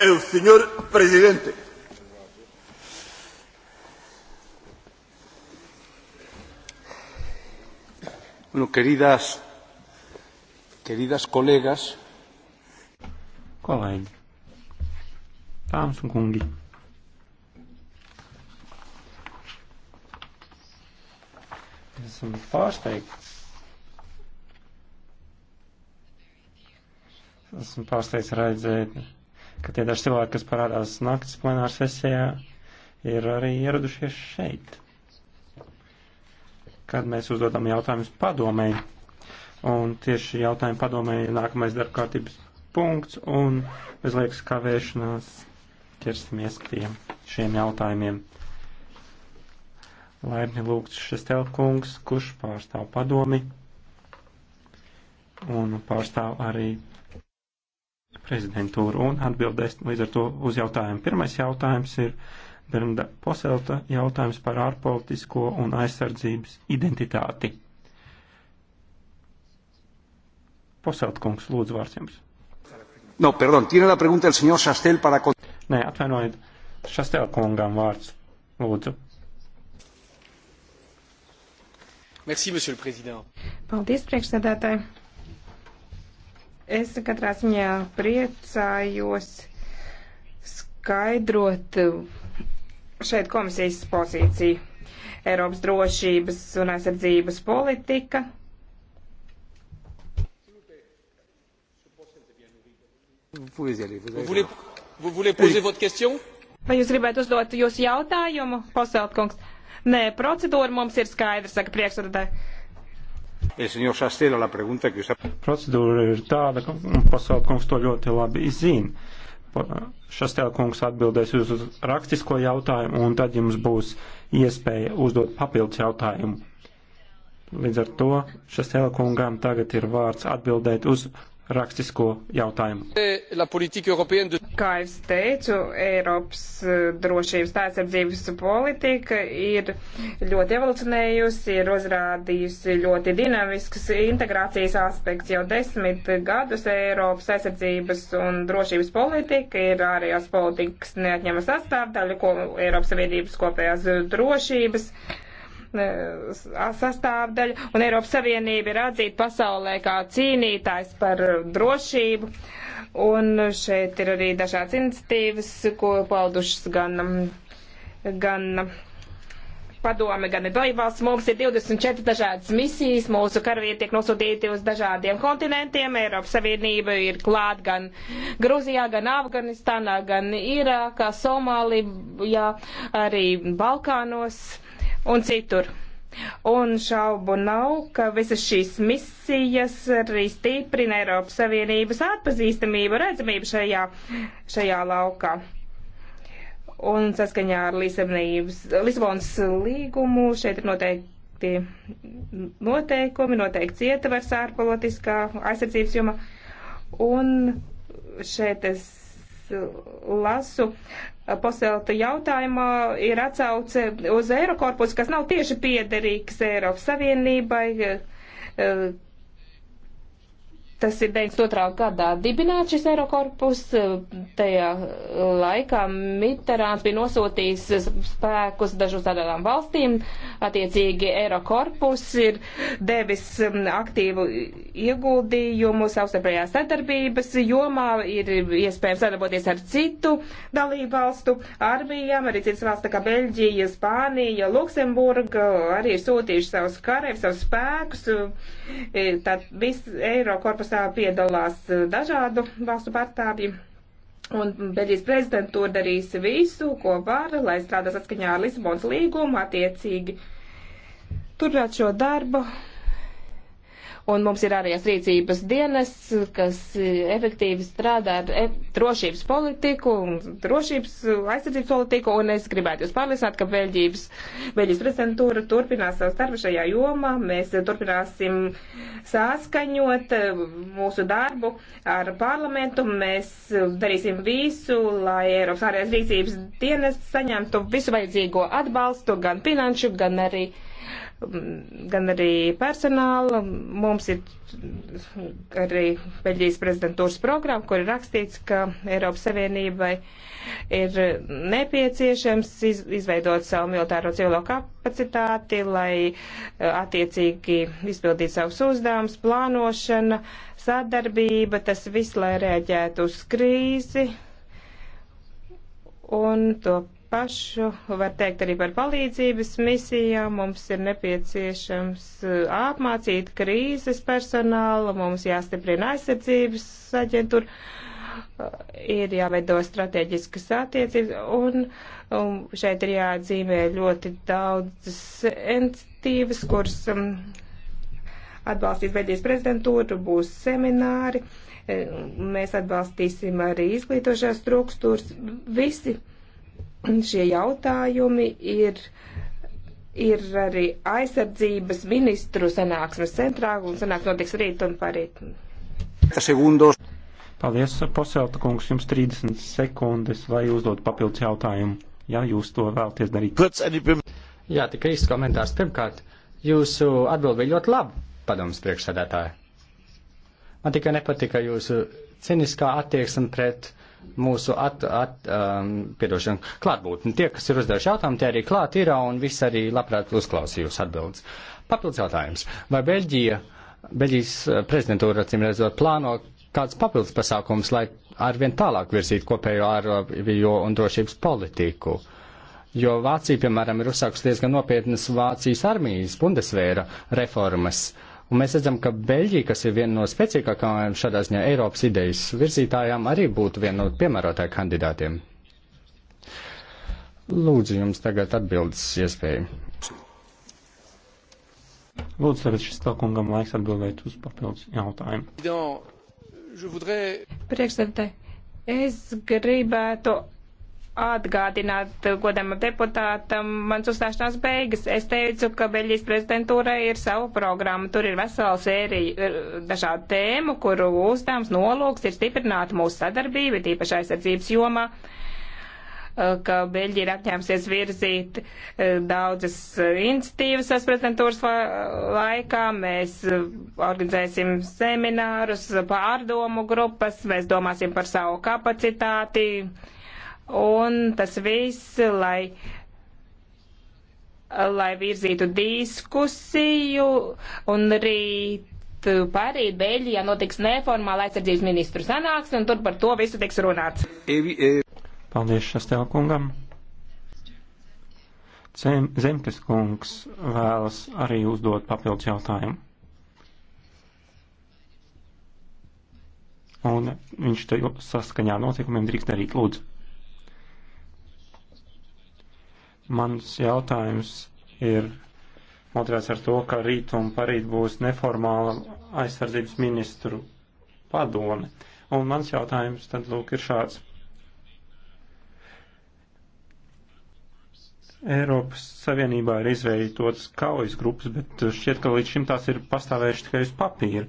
El señor presidente. Bueno, queridas, queridas colegas. Kolēģi, dāmas un kungi. Esam pārsteigti. Esmu pārsteigts redzēt ka tie daži cilvēki, kas parādās naktas plenāra sesijā, ir arī ieradušies šeit. Kad mēs uzdodam jautājumus padomēji, un tieši jautājumu padomēji ir nākamais darbkārtības punkts, un bez liekas kavēšanās ķersimies pie šiem jautājumiem. Laipni lūgts šis telkungs, kurš pārstāv padomi un pārstāv arī prezidentūru un atbildēs līdz ar to uz jautājumu. Pirmais jautājums ir Bernda Poselta jautājums par ārpolitisko un aizsardzības identitāti. Poseltkungs, lūdzu, vārds jums. No, perdon, tiene la pregunta el señor Šastel para... Nē, atvainojiet, Šastel kungam vārds, lūdzu. Merci, monsieur le président. Paldies, priekšsēdētāji. Es katrā ziņā priecājos skaidrot šeit komisijas pozīciju. Eiropas drošības un aizsardzības politika. Vai jūs gribētu uzdot jūsu jautājumu, Poseltkungs? Nē, procedūra mums ir skaidra, saka priekšsēdētāji. Eh, Procedūra ir tāda, ka mm, pasauli kungs to ļoti labi izzina. Šastēla kungs atbildēs uz rakstisko jautājumu, un tad jums būs iespēja uzdot papildus jautājumu. Līdz ar to Šastēla kungām tagad ir vārds atbildēt uz rakstisko jautājumu. E, Kā es teicu, Eiropas e, drošības tāsardzības politika ir ļoti evolucionējusi, ir uzrādījusi ļoti dinamisks integrācijas aspekts. Jau desmit gadus Eiropas aizsardzības un drošības politika ir ārējās politikas neatņemas sastāvdaļa, ko Eiropas Savienības kopējās drošības sastāvdaļa, un Eiropas Savienība ir atzīta pasaulē kā cīnītājs par drošību. Un šeit ir arī dažādas iniciatīvas, ko paudušas gan, gan padome, gan ir dalībvalsts. Mums ir 24 dažādas misijas, mūsu karavīri tiek nosūtīti uz dažādiem kontinentiem. Eiropas Savienība ir klāt gan Gruzijā, gan Afganistānā, gan Irākā, Somālijā, arī Balkānos un citur. Un šaubu nav, ka visas šīs misijas arī stiprina Eiropas Savienības atpazīstamību, redzamību šajā, šajā laukā. Un saskaņā ar Lisabonas līgumu šeit ir noteikti noteikumi, noteikts ietvers ārpolitiskā aizsardzības joma. Un šeit es lasu poselta jautājumā, ir atsauce uz Eirokorpusu, kas nav tieši piederīgs Eiropas Savienībai eh, Tas ir 92. gadā dibināts šis Eirokorpus. Tajā uh, laikā Mitterāns bija nosūtījis spēkus dažos tādām valstīm. Attiecīgi Eirokorpus ir devis um, aktīvu ieguldījumu savstarpējā sadarbības jomā. Ir iespējams sadarboties ar citu dalību valstu armijām, arī citas valsts, kā Beļģija, Spānija, Luksemburga, arī ir sūtījuši savus karēvis, savus spēkus uh, E, tad viss Eiro korpusā piedalās e, dažādu valstu pārstāvji. Un Beļģijas prezidentūra darīs visu, ko var, lai strādās atskaņā ar Lisabonas līgumu attiecīgi. Turpināt šo darbu, Un mums ir arī rīcības dienas, kas efektīvi strādā ar e drošības politiku, drošības aizsardzības politiku, un es gribētu jūs pārliecināt, ka Beļģības, Beļģijas prezidentūra turpinās savu starpu šajā jomā. Mēs turpināsim saskaņot eh, mūsu darbu ar parlamentu. Mēs darīsim visu, lai Eiropas ārējās rīcības dienas saņemtu visu vajadzīgo atbalstu, gan finanšu, gan arī gan arī personāla. Mums ir arī Beļģijas prezidentūras programma, kur ir rakstīts, ka Eiropas Savienībai ir nepieciešams iz, izveidot savu militāro civilo kapacitāti, lai eh, attiecīgi izpildītu savus uzdevumus, plānošana, sadarbība, tas viss, lai reaģētu uz krīzi. Un to pašu, var teikt arī par palīdzības misijām. Mums ir nepieciešams uh, apmācīt krīzes personālu, mums jāstiprina aizsardzības aģentūra, uh, ir jāveido strateģiskas attiecības, un, un um, šeit ir jāatzīmē ļoti daudzas entitības, kuras um, atbalstīs Beļģijas prezidentūru, būs semināri, uh, mēs atbalstīsim arī izglītošās struktūras. Visi šie jautājumi ir, ir arī aizsardzības ministru sanāksmes centrā, un sanāks notiks rīt un parīt. Segundos. Paldies, Poselta kungs, jums 30 sekundes, lai uzdot papildus jautājumu, ja jūs to vēlties darīt. Jā, tikai īsts komentārs. Pirmkārt, jūsu atbild bija ļoti laba, padoms priekšsēdētāja. Man tikai nepatika jūsu ciniskā attieksme pret mūsu at, at, um, piedošanu klātbūtni. Tie, kas ir uzdevuši jautājumu, tie arī klāt ir un viss arī labprāt uzklausījus atbildes. Papildus jautājums. Vai Beļģija, Beļģijas uh, prezidentūra, acīm redzot, plāno kāds papildus pasākums, lai arvien tālāk virzītu kopējo ārējo un drošības politiku? Jo Vācija, piemēram, ir uzsākusi diezgan nopietnas Vācijas armijas, Bundesvēra reformas. Uh, Un mēs redzam, ka Beļģija, kas ir viena no spēcīgākajām šādā ziņā Eiropas idejas virzītājām, arī būtu viena no piemērotāju kandidātiem. Lūdzu, jums tagad atbildes iespēju. Lūdzu, tagad šis talkungam laiks atbildēt uz papildus jautājumu. Priekšsēdētāji, es gribētu atgādināt godam deputātam mans uzstāšanās beigas. Es teicu, ka Beļģijas prezidentūra ir savu programmu. Tur ir vesela sērija er, dažādu tēmu, kuru uzdevums nolūks ir stiprināt mūsu sadarbību, tīpaši aizsardzības jomā e, ka Beļģija ir apņēmusies virzīt e, daudzas institīvas tās prezidentūras laikā. Mēs e, organizēsim seminārus, pārdomu grupas, mēs domāsim par savu kapacitāti Un tas viss, lai, lai virzītu diskusiju un rīt parīt Beļģijā notiks neformāla aizsardzības ministru sanāks un tur par to visu tiks runāts. E- Paldies Šastēl kungam. Zem, Zemkes kungs vēlas arī uzdot papildus jautājumu. Un viņš te saskaņā notikumiem drīkst darīt lūdzu. Mans jautājums ir motivēts ar to, ka rīt un parīt būs neformāla aizsardzības ministru padome. Un mans jautājums tad lūk ir šāds. Eiropas Savienībā ir izveidotas kaujas grupas, bet šķiet, ka līdz šim tās ir pastāvējušas tikai uz papīra.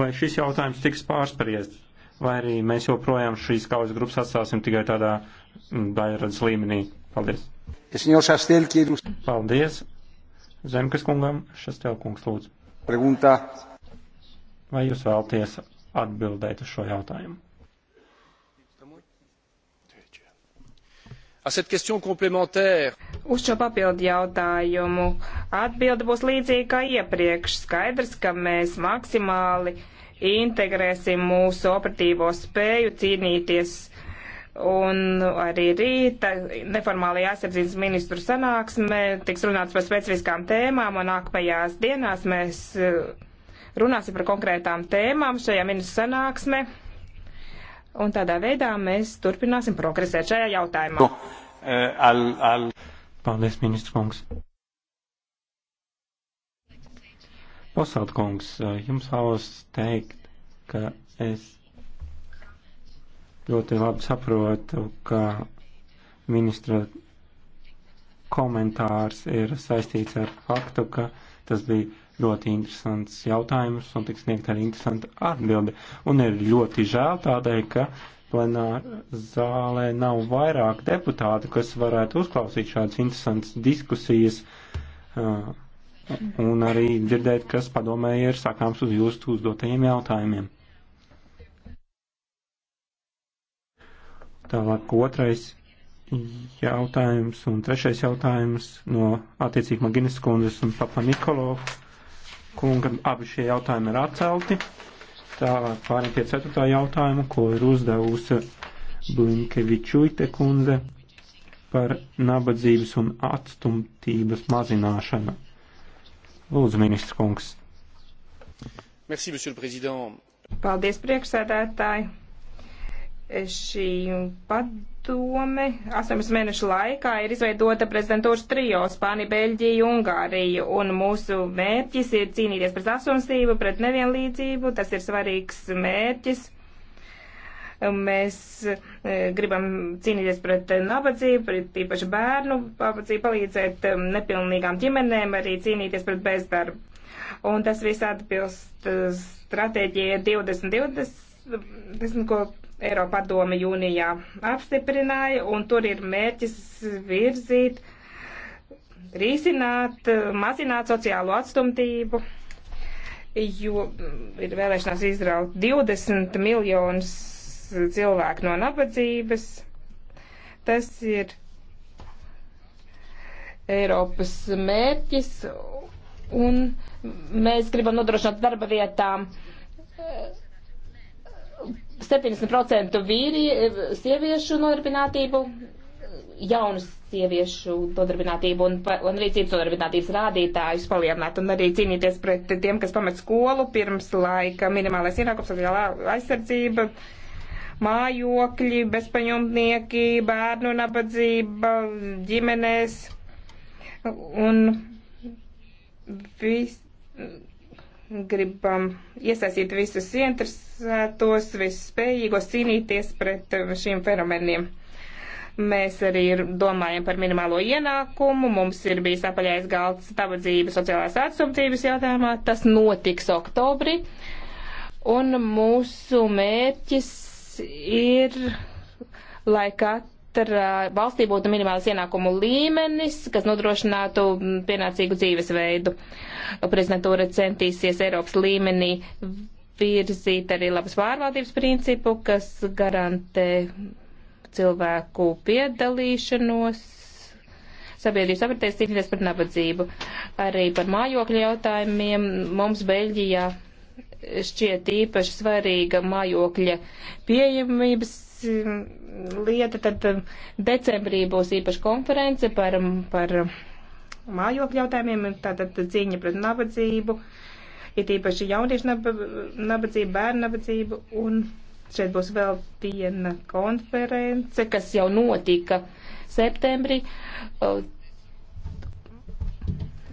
Vai šis jautājums tiks pārspriests, vai arī mēs joprojām šīs kaujas grupas atstāsim tikai tādā Bairodas līmenī. Paldies! Paldies! Zemkas kungam, Šastelkungs lūdzu. Preguntā. Vai jūs vēlties atbildēt uz šo jautājumu? Uz šo papildu jautājumu atbilde būs līdzīga kā iepriekš. Skaidrs, ka mēs maksimāli integrēsim mūsu operatīvo spēju cīnīties Un arī rīta neformālajā aizsardzības ministru sanāksmē tiks runāts par specifiskām tēmām, un nākamajās dienās mēs eh, runāsim par konkrētām tēmām šajā ministru sanāksmē. Un tādā veidā mēs turpināsim progresēt šajā jautājumā. No, eh, al, al. Paldies, ministrs kungs. Posalt kungs, eh, jums vēlos teikt, ka es ļoti labi saprotu, ka ministra komentārs ir saistīts ar faktu, ka tas bija ļoti interesants jautājums un tiks sniegt arī interesanta atbilde. Un ir ļoti žēl tādēļ, ka plenāra zālē nav vairāk deputātu, kas varētu uzklausīt šādas interesantas diskusijas uh, un arī dzirdēt, kas padomē ir sakāms uz jūsu uzdotajiem jautājumiem. Tālāk otrais jautājums un trešais jautājums no attiecīgi Maginas kundzes un Papa Nikolo kunga. Abi šie jautājumi ir atcelti. Tālāk pārējiem pie ceturtā jautājuma, ko ir uzdevusi Blinkevičuite kundze par nabadzības un atstumtības mazināšanu. Lūdzu, ministrs kungs. Merci, Paldies, priekšsēdētāji! šī padome 18 mēnešu laikā ir izveidota prezidentūras trijo Spānija, Beļģija, Ungārija, un mūsu mērķis ir cīnīties pret asunsību, pret nevienlīdzību, tas ir svarīgs mērķis. Mēs e, gribam cīnīties pret nabadzību, pret īpaši bērnu pabadzību, palīdzēt e, nepilnīgām ģimenēm, arī cīnīties pret bezdarbu. Un tas viss atbilst e, stratēģijai 2020, ko Eiropadome jūnijā apstiprināja, un tur ir mērķis virzīt, risināt, mazināt sociālo atstumtību, jo ir vēlēšanās izraut 20 miljonus cilvēku no nabadzības. Tas ir Eiropas mērķis, un mēs gribam nodrošināt darba vietām 70% vīri, eh, sieviešu nodarbinātību, jaunu sieviešu nodarbinātību un, un arī citas nodarbinātības rādītājus palielināt un arī cīnīties pret tiem, kas pamet skolu pirms laika, minimālais ienākums, sociālā aizsardzība, mājokļi, bezpaņumnieki, bērnu nabadzība, ģimenēs un viss gribam iesaistīt visus ieinteresētos, visus spējīgos cīnīties pret šiem fenomeniem. Mēs arī domājam par minimālo ienākumu. Mums ir bijis apaļais galds tabadzības sociālās atstumtības jautājumā. Tas notiks oktobrī. Un mūsu mērķis ir, lai kat katrā valstī būtu minimāls ienākumu līmenis, kas nodrošinātu pienācīgu dzīvesveidu. Prezidentūra centīsies Eiropas līmenī virzīt arī labas pārvaldības principu, kas garantē cilvēku piedalīšanos sabiedrības apritēs cīnīties par nabadzību. Arī par mājokļu jautājumiem mums Beļģijā šķiet īpaši svarīga mājokļa pieejamības lieta, tad um, decembrī būs īpaša konference par, um, par um, mājokļu jautājumiem, tātad cīņa pret nabadzību, ir īpaši jauniešu nabadzību, bērnu nabadzību, un šeit būs vēl viena konference, kas jau notika septembrī.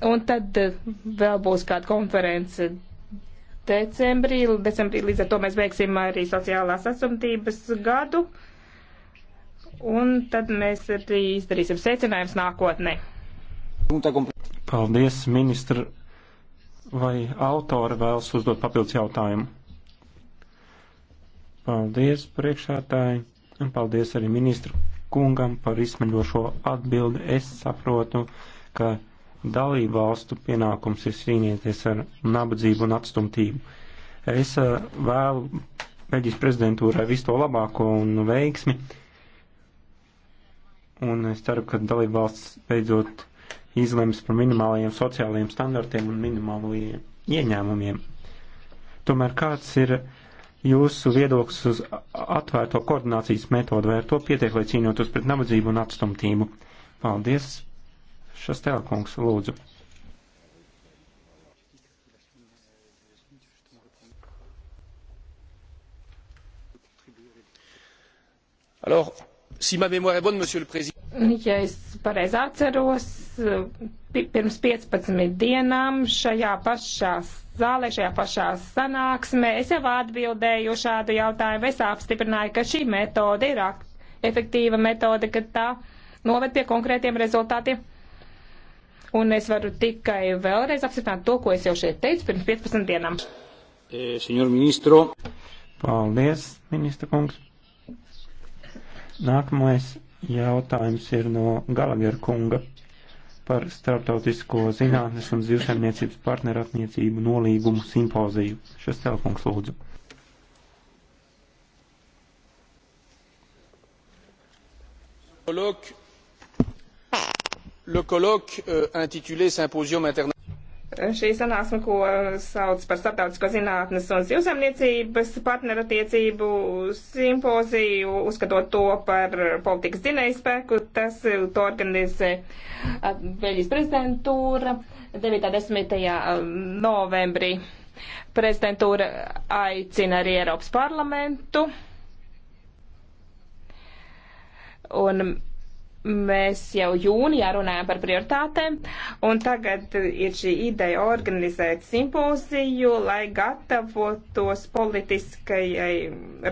Un tad uh, vēl būs kāda konference decembrī. decembrī līdz ar to mēs veiksim arī sociālās atsumtības gadu. Un tad mēs arī izdarīsim secinājums nākotnē. Paldies, ministra. Vai autora vēlas uzdot papildus jautājumu? Paldies, priekšētāji, un paldies arī ministru kungam par izsmeļošo atbildi. Es saprotu, ka Dalību valstu pienākums ir cīnīties ar nabadzību un atstumtību. Es eh, vēlu Beļģijas prezidentūrai visu to labāko un veiksmi, un es ceru, ka dalību valsts beidzot izlems par minimālajiem sociālajiem standartiem un minimālajiem ieņēmumiem. Tomēr kāds ir jūsu viedoklis uz atvērto koordinācijas metodu, vai ar to pietiek, lai cīnotos pret nabadzību un atstumtību? Paldies! Šastēl kungs, lūdzu. Alors, si ma mémoire est bonne, Monsieur le Président. Ja es pareizi atceros, pirms 15 dienām šajā pašā zālē, šajā pašā sanāksmē es jau atbildēju šādu jautājumu. Es apstiprināju, ka šī metode ir efektīva metode, ka tā noved pie konkrētiem rezultātiem un es varu tikai vēlreiz apstiprināt to, ko es jau šeit teicu pirms 15 dienām. E, eh, Senjor ministro. Paldies, ministra kungs. Nākamais jautājums ir no Galagera kunga par starptautisko zinātnes un zivsaimniecības partnerattiecību nolīgumu simpoziju. Šis telkungs lūdzu. Lūk, le colloque euh, intitulé Symposium international šī sanāksme, ko uh, sauc par starptautisko zinātnes un zivsaimniecības partnerattiecību simpoziju, uzskatot to par politikas zinēju spēku, tas uh, to organizē uh, Beļģijas prezidentūra 9.10. Um, novembrī. Prezidentūra aicina arī Eiropas parlamentu. Un mēs jau jūnijā runājām par prioritātēm, un tagad ir šī ideja organizēt simpoziju, lai gatavotos politiskajai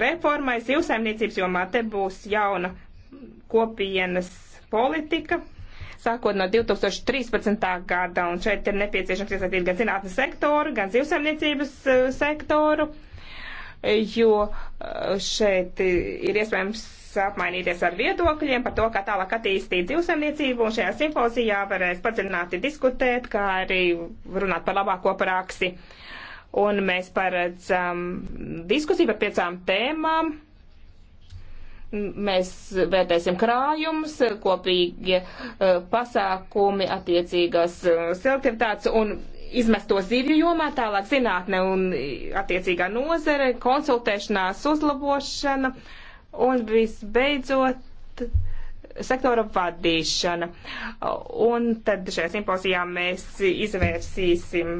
reformai zivsaimniecības jomā. Te būs jauna kopienas politika, sākot no 2013. gada, un šeit ir nepieciešams iesaistīt gan zinātnes sektoru, gan zivsaimniecības eh, sektoru, jo eh, šeit ir iespējams apmainīties ar viedokļiem par to, kā tālāk attīstīt dzīvesemniecību, un šajā simpozijā varēs padziļināti diskutēt, kā arī runāt par labāko praksi. Un mēs paredzam diskusiju par piecām tēmām. Mēs vērtēsim krājumus, kopīgi e, pasākumi, attiecīgās e, selektivitātes un izmesto zivju jomā, tālāk zinātne un e, attiecīgā nozare, konsultēšanās uzlabošana. Uh, Un visbeidzot, sektora vadīšana. Un tad šajā simpozijā mēs izvērsīsim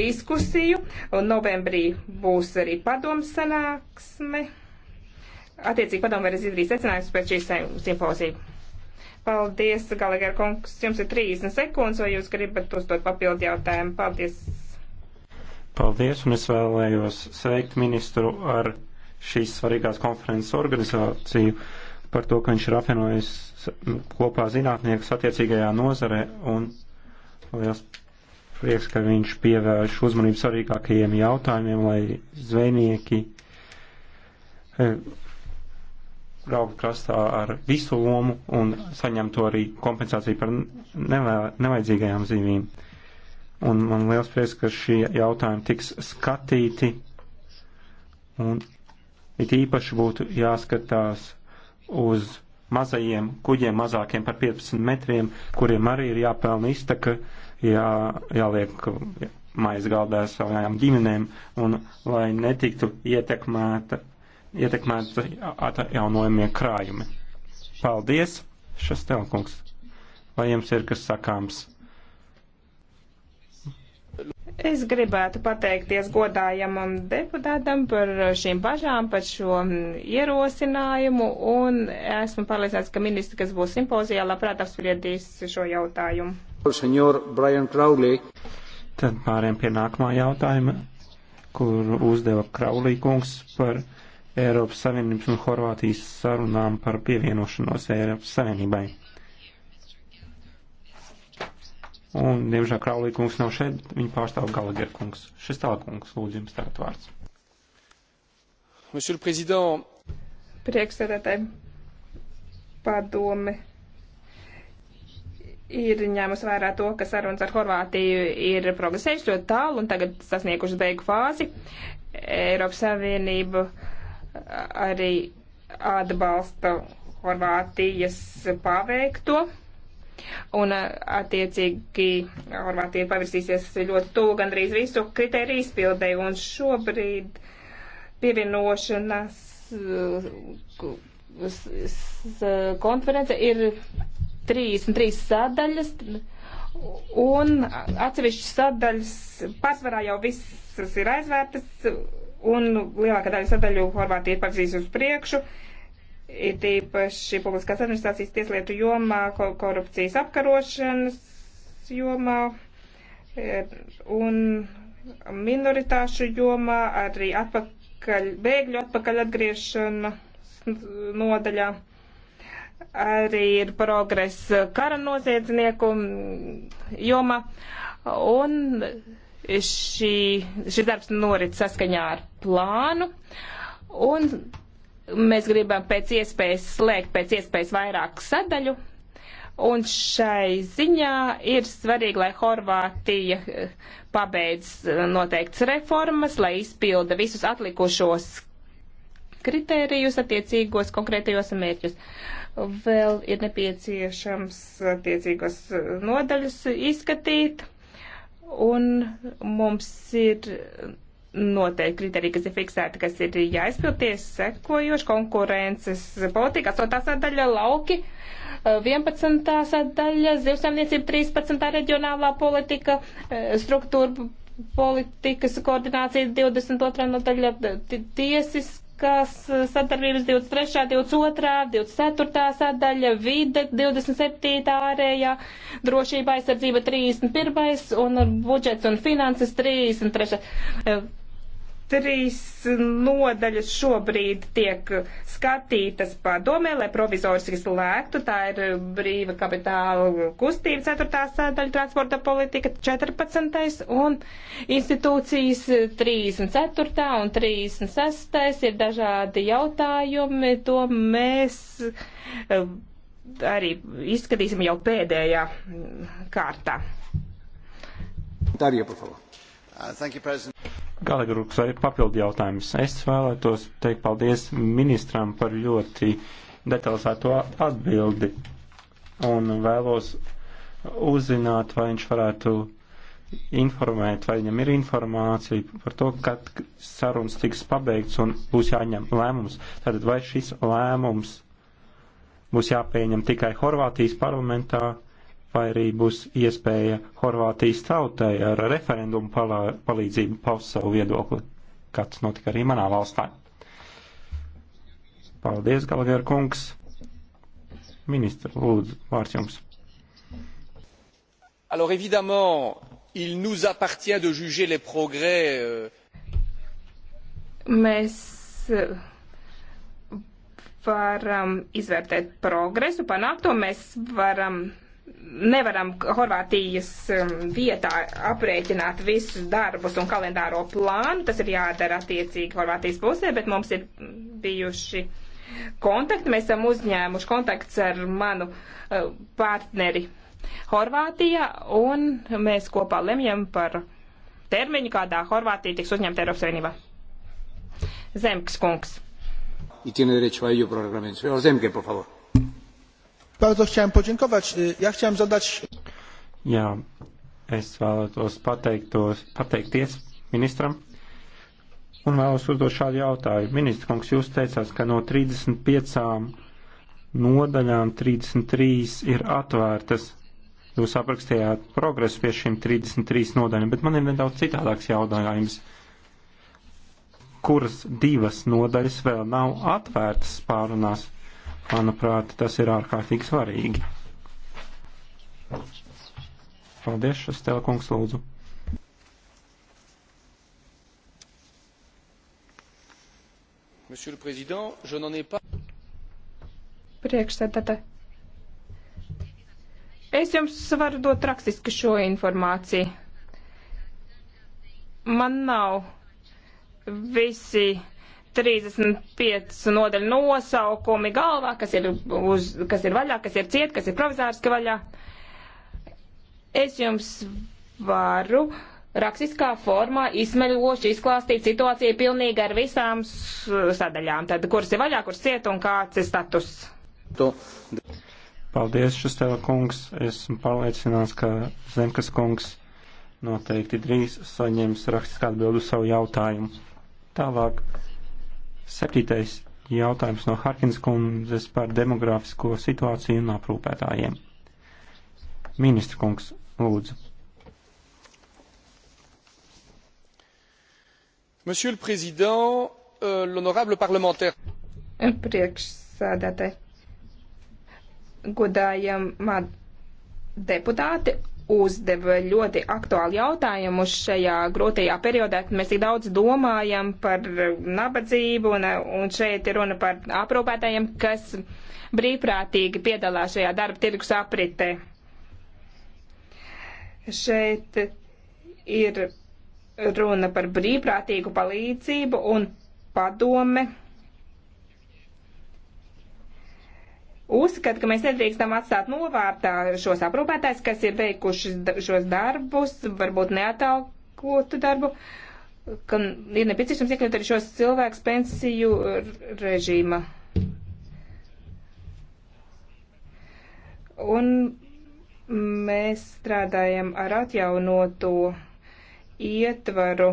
diskusiju, un novembrī būs arī padoms sanāksme. Attiecīgi padomu varēs izdarīt secinājumus pēc šīs simpozija. Paldies, Galagar kungs, jums ir 30 sekundes, vai jūs gribat uzdot papildu jautājumu? Paldies. Paldies, un es vēlējos sveikt ministru ar šīs svarīgās konferences organizāciju par to, ka viņš ir apvienojis kopā zinātniekus attiecīgajā nozarē, un liels prieks, ka viņš pievērš uzmanību svarīgākajiem jautājumiem, lai zvejnieki braukt e, krastā ar visu lomu un saņemtu arī kompensāciju par nevajadzīgajām zīmīm un man liels prieks, ka šie jautājumi tiks skatīti, un it īpaši būtu jāskatās uz mazajiem kuģiem, mazākiem par 15 metriem, kuriem arī ir jāpelna iztaka, jā, jāliek maiz galdā savām ģimenēm, un lai netiktu ietekmēta, ietekmēta atjaunojumie krājumi. Paldies, Šastelkungs! Vai jums ir kas sakāms? Es gribētu pateikties godājamam deputātam par šīm bažām, par šo ierosinājumu, un esmu pārliecināts, ka ministri, kas būs simpozijā, labprāt apspriedīs šo jautājumu. Tad pāriem pie nākamā jautājuma, kur uzdeva Kraulī kungs par Eiropas Savienības un Horvātijas sarunām par pievienošanos Eiropas Savienībai. Un, diemžēl, Kraulī kungs nav šeit, bet viņu pārstāv Galager kungs. Šis tālāk kungs, lūdzu, jums tagad vārds. Monsieur le Président. Priekšsēdētāji, padome ir ņēmusi vērā to, ka sarunas ar Horvātiju ir progresējušas ļoti tālu un tagad sasniegušas beigu fāzi. Eiropas Savienība arī atbalsta Horvātijas paveikto. Un, eh, attiecīgi, Horvātija pavirsīsies ļoti tuvu gandrīz visu kriteriju izpildēju. Un šobrīd pievienošanās eh, konference ir 33 sadaļas. Un atsevišķas sadaļas pārsvarā jau visas ir aizvērtas, un lielākā daļa sadaļu Horvātija ir pavirzījis uz priekšu. Uh, ir tīpaši publiskās administrācijas tieslietu jomā, korupcijas apkarošanas jomā e, un minoritāšu jomā, arī atpakaļ, bēgļu atpakaļ atgriešana nodaļā arī ir progress kara noziedznieku joma, un šī, šis darbs norit saskaņā ar plānu, un Mēs gribam pēc iespējas slēgt pēc iespējas vairāk sadaļu, un šai ziņā ir svarīgi, lai Horvātija eh, pabeidz eh, noteikts reformas, lai izpilda visus atlikušos kritērijus attiecīgos konkrētajos mērķus. Vēl ir nepieciešams attiecīgos eh, nodaļas izskatīt, un mums ir noteikti kriteriji, kas ir fiksēti, kas ir jāizpilties, sekojoši konkurences politika, 8. sadaļa lauki, 11. sadaļa zivsaimniecība, 13. reģionālā politika, struktūra politikas koordinācija, 22. nodaļa tiesiskās sadarbības, 23. 22. 24. sadaļa, vide, 27. ārējā, drošība aizsardzība, 31. un budžets un finanses, 33 trīs nodaļas šobrīd tiek skatītas padomē, lai provizoriski slēgtu. Tā ir brīva kapitāla kustība, 4. sēdaļa transporta politika, 14. un institūcijas 34. un 36. ir dažādi jautājumi. To mēs eh, arī izskatīsim jau pēdējā kārtā. Darīja, por favor. Uh, thank you, President. Galagruks vai papildu jautājums. Es vēlētos teikt paldies ministram par ļoti detalizēto atbildi un vēlos uzzināt, vai viņš varētu informēt, vai viņam ir informācija par to, kad sarunas tiks pabeigts un būs jāņem lēmums. Tātad vai šis lēmums būs jāpieņem tikai Horvātijas parlamentā? vai arī būs iespēja Horvātijas tautai ar referendumu palā, palīdzību paust savu viedokli, kā tas notika arī manā valstā. Paldies, Galagher kungs. Ministra, lūdzu, vārds jums. Alors évidemment, il nous appartient de juger les progrès. Euh, mēs euh, varam izvērtēt progresu, panākt to mēs varam nevaram Horvātijas um, vietā aprēķināt visus darbus un kalendāro plānu. Tas ir jādara attiecīgi Horvātijas pusē, bet mums ir bijuši kontakti. Mēs esam uzņēmuši kontakts ar manu uh, partneri Horvātijā un mēs kopā lemjam par termiņu, kādā Horvātija tiks uzņemta Eiropas Savienībā. Zemks kungs. Y tiene derecho a ello por reglamento. Señor Zemke, por favor. Bardzo chciałem podziękować. Ja chciałem zadać. Jā, es vēlētos pateiktos, pateikties ministram un vēlos uzdot šādu jautājumu. Ministra kungs, jūs teicāt, ka no 35 nodaļām 33 ir atvērtas. Jūs aprakstījāt progresu pie šīm 33 nodaļām, bet man ir nedaudz citādāks jautājums. Kuras divas nodaļas vēl nav atvērtas pārunās? Manuprāt, tas ir ārkārtīgi svarīgi. Paldies, Stela kungs, lūdzu. Monsieur le Président, je n'en ai pas. Priekšsēdētāji. Es jums varu dot rakstiski šo informāciju. Man nav visi 35 nodaļu nosaukumi galvā, kas ir, uz, kas ir vaļā, kas ir ciet, kas ir provizāriski vaļā. Es jums varu rakstiskā formā izsmeļoši izklāstīt situāciju pilnīgi ar visām sadaļām, tad kuras ir vaļā, kuras ciet un kāds ir status. To. Paldies, Šustela kungs. Esmu pārliecināts, ka Zemkas kungs noteikti drīz saņems rakstiskā atbildu savu jautājumu. Tālāk Septītais jautājums no Harkins kundzes par demografisko situāciju un aprūpētājiem. Ministra kungs, lūdzu. Monsieur le Président, euh, l'honorable parlementaire. Priekšsēdētāji, godājamā deputāti uzdeva ļoti aktuālu jautājumu šajā grūtajā periodā, kad mēs tik daudz domājam par nabadzību, un, un šeit ir runa par aprūpētājiem, kas brīvprātīgi piedalās šajā darba tirgus apritē. Šeit ir runa par brīvprātīgu palīdzību un padome uzskata, ka mēs nedrīkstam atstāt novārtā šos aprūpētājs, kas ir veikuši šos darbus, varbūt neatalgotu darbu, ka ir nepieciešams iekļaut arī šos cilvēkus pensiju režīma. Un mēs strādājam ar atjaunoto ietvaru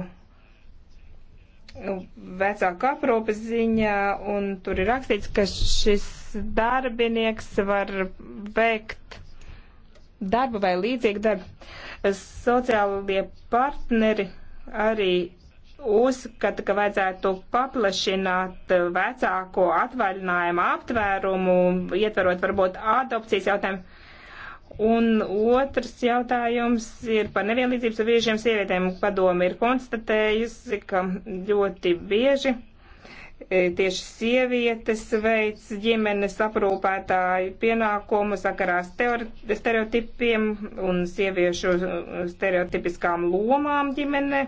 vecāku aprūpas ziņā, un tur ir rakstīts, ka šis darbinieks var veikt darbu vai līdzīgu darbu. Sociālie partneri arī uzskata, ka vajadzētu paplašināt vecāko atvaļinājumu aptvērumu, ietverot varbūt adopcijas jautājumu. Un otrs jautājums ir par nevienlīdzību starp vīriešiem un sievietēm. Padomi ir konstatējusi, ka ļoti bieži E, tieši sievietes veids ģimenes aprūpētāju pienākumu sakarā stereotipiem un sieviešu stereotipiskām lomām ģimene.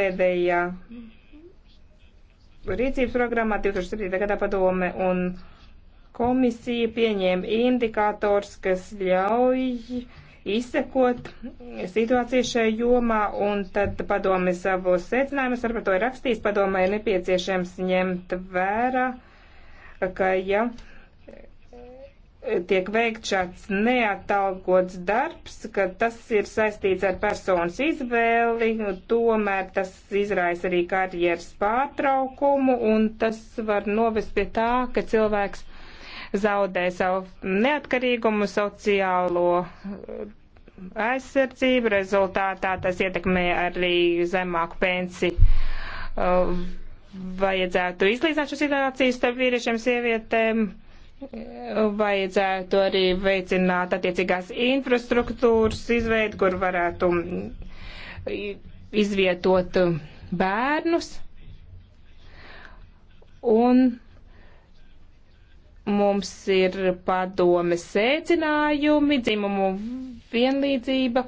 Pēdējā rīcības programmā 2007. gadā padome un komisija pieņēma indikators, kas ļauj izsekot situāciju šajā jomā, un tad padome savos secinājumus ar to ir rakstījis. Padomē ir nepieciešams ņemt vērā, ka ja tiek veikt šāds neatalgots darbs, ka tas ir saistīts ar personas izvēli, tomēr tas izraisa arī karjeras pārtraukumu, un tas var novest pie tā, ka cilvēks zaudē savu neatkarīgumu, sociālo eh, aizsardzību, rezultātā tas ietekmē arī zemāku pensiju. Eh, vajadzētu izlīdzināt šo situāciju starp vīriešiem sievietēm, eh, vajadzētu arī veicināt attiecīgās infrastruktūras izveidu, kur varētu izvietot bērnus. Un Mums ir padome sēcinājumi, dzimumu vienlīdzība,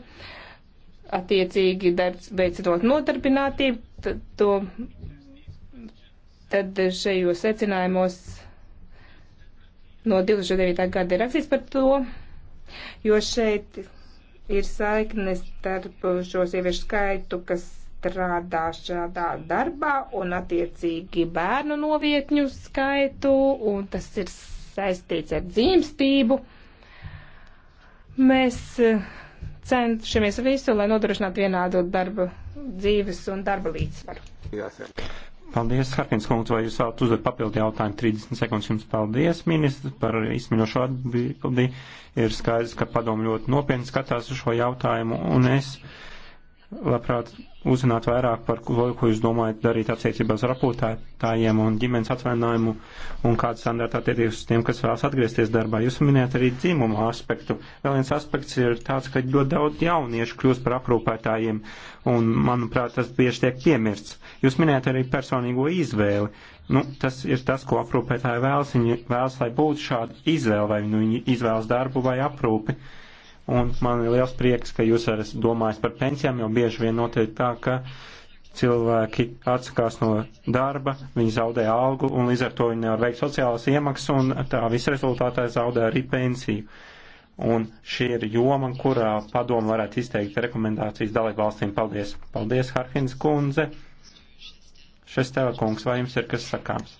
attiecīgi darbs veicinot nodarbinātību. Tad, to, tad šajos secinājumos no 2009. gada ir rakstīts par to, jo šeit ir saiknes starp šo sieviešu skaitu, kas strādā šādā darbā un attiecīgi bērnu novietņu skaitu, un tas ir saistīts ar dzimstību. Mēs eh, cenšamies visu, lai nodrošinātu vienādu darba dzīves un darba līdzsvaru. Paldies, Harkins kungs, vai jūs vēlat uzdot papildu jautājumu? 30 sekundes jums paldies, ministrs, par izsmiņošo atbildi. Ir skaidrs, ka padomu ļoti nopietni skatās uz šo jautājumu, un es labprāt uzzināt vairāk par to, ko jūs domājat darīt attiecībā uz rapotājiem un ģimenes atvainājumu un kāds standarta attiecības uz tiem, kas vēlas atgriezties darbā. Jūs minējat arī dzimumu aspektu. Vēl viens aspekts ir tāds, ka ļoti daudz jauniešu kļūst par aprūpētājiem un, manuprāt, tas bieži tiek piemirsts. Jūs minējat arī personīgo izvēli. Nu, tas ir tas, ko aprūpētāji vēlas. Viņi vēlas, lai būtu šāda izvēle, vai nu viņi izvēlas darbu vai aprūpi. Uh, un man ir liels prieks, ka jūs arī domājat par pensijām, jo bieži vien notiek tā, ka cilvēki atsakās no darba, viņi zaudē algu, un līdz ar to viņi nevar veikt sociālas iemaksas, un tā visa rezultātā zaudē arī pensiju. Un šī ir joma, kurā padomu varētu izteikt rekomendācijas dalību valstīm. Paldies! Paldies, Harkins kundze! Šis telekungs, vai jums ir kas sakāms?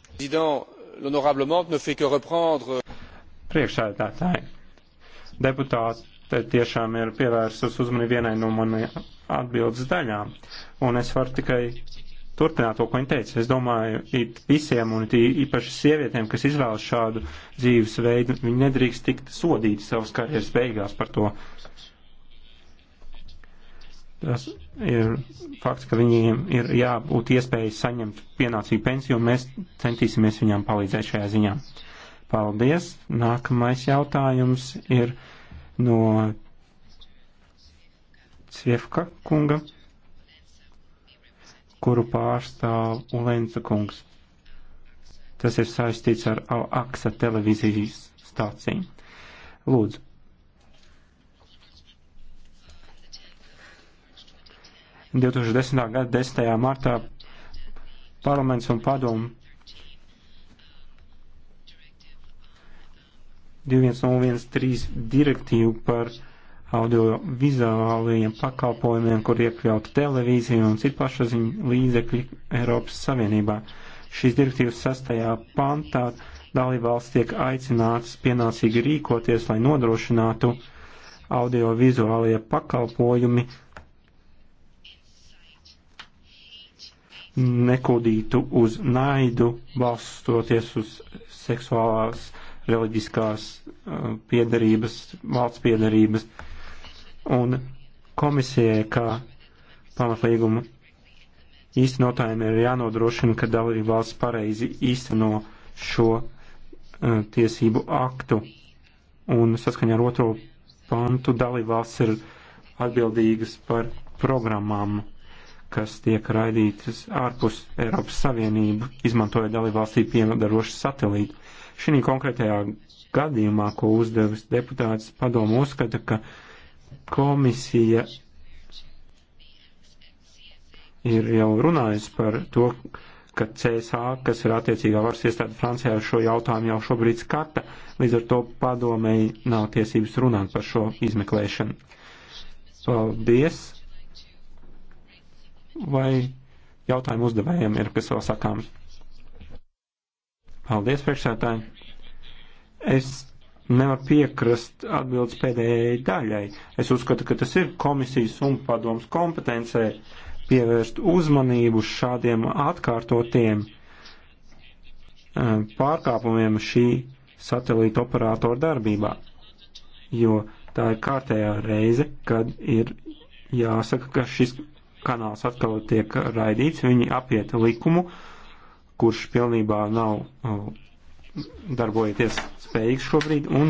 Priekšsēdētāji, deputāti te tiešām ir pievērsus uzmanību vienai no manai atbildes daļām. Un es varu tikai turpināt to, ko viņa teica. Es domāju, it visiem un it īpaši sievietēm, kas izvēlas šādu dzīves veidu, viņi nedrīkst tikt sodīti savas karjeras beigās par to. Tas ir fakts, ka viņiem ir jābūt iespējas saņemt pienācīgu pensiju, un mēs centīsimies viņām palīdzēt šajā ziņā. Paldies! Nākamais jautājums ir no Cievka kunga, kuru pārstāv Ulenca kungs. Tas ir saistīts ar AXA televīzijas stāciju. Lūdzu. Divtūkstošdesmitā gada 10. martā parlaments un padomu 2101.3 direktīvu par audiovizuālajiem pakalpojumiem, kur iekļauta televīzija un citu pašaziņu līdzekļi Eiropas Savienībā. Šīs direktīvas sastajā pantā dalībvalsts tiek aicināts pienācīgi rīkoties, lai nodrošinātu audiovizuālajie pakalpojumi nekūdītu uz naidu, balstoties uz seksuālās reliģiskās uh, piedarības, valsts piedarības, un komisijai, kā pamatlīguma īstenotājiem ir jānodrošina, ka dalība valsts pareizi īsteno šo uh, tiesību aktu, un saskaņā ar otro pantu dalība valsts ir atbildīgas par programmām, kas tiek raidītas ārpus Eiropas Savienību, izmantojot dalībvalstī piedarošu satelītu. Šī konkrētajā gadījumā, ko uzdevis deputāts, padomu uzskata, ka komisija ir jau runājusi par to, ka CSA, kas ir attiecīgā varas iestāde Francijā, šo jautājumu jau šobrīd skata, līdz ar to padomēji nav tiesības runāt par šo izmeklēšanu. Paldies! Vai jautājumu uzdevējiem ir kas vēl sakāms? Paldies, priekšsētāji. Es nevaru piekrist atbildes pēdējai daļai. Es uzskatu, ka tas ir komisijas un padoms kompetencē pievērst uzmanību šādiem atkārtotiem eh, pārkāpumiem šī satelīta operātora darbībā, jo tā ir kārtējā reize, kad ir jāsaka, ka šis kanāls atkal tiek raidīts, viņi apiet likumu kurš pilnībā nav darbojoties spējīgs šobrīd, un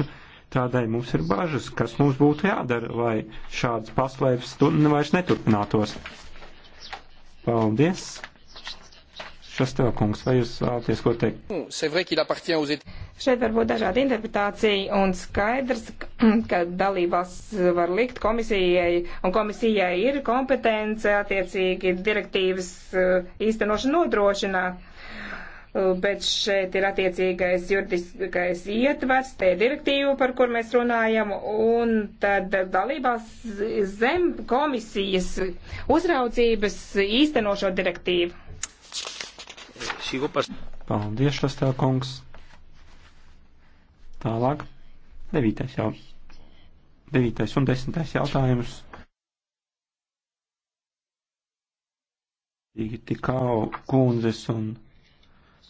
tādēļ mums ir bažas, kas mums būtu jādara, lai šādas paslēpes vairs neturpinātos. Paldies! Šastāv kungs, vai jūs vēlaties ko teikt? Nu, Šeit var būt dažāda interpretācija un skaidrs, ka dalībās var likt komisijai, un komisijai ir kompetence attiecīgi direktīvas e, īstenošana nodrošināt. Uh, bet šeit ir attiecīgais juridiskais ietvers, te ir direktīva, par kur mēs runājam, un tad dalībās zem komisijas uzraudzības īstenošo direktīvu. Paldies, Šastēl kungs. Tālāk. Devītais, jau. Devītais un desmitais jautājums. Tikau kundzes un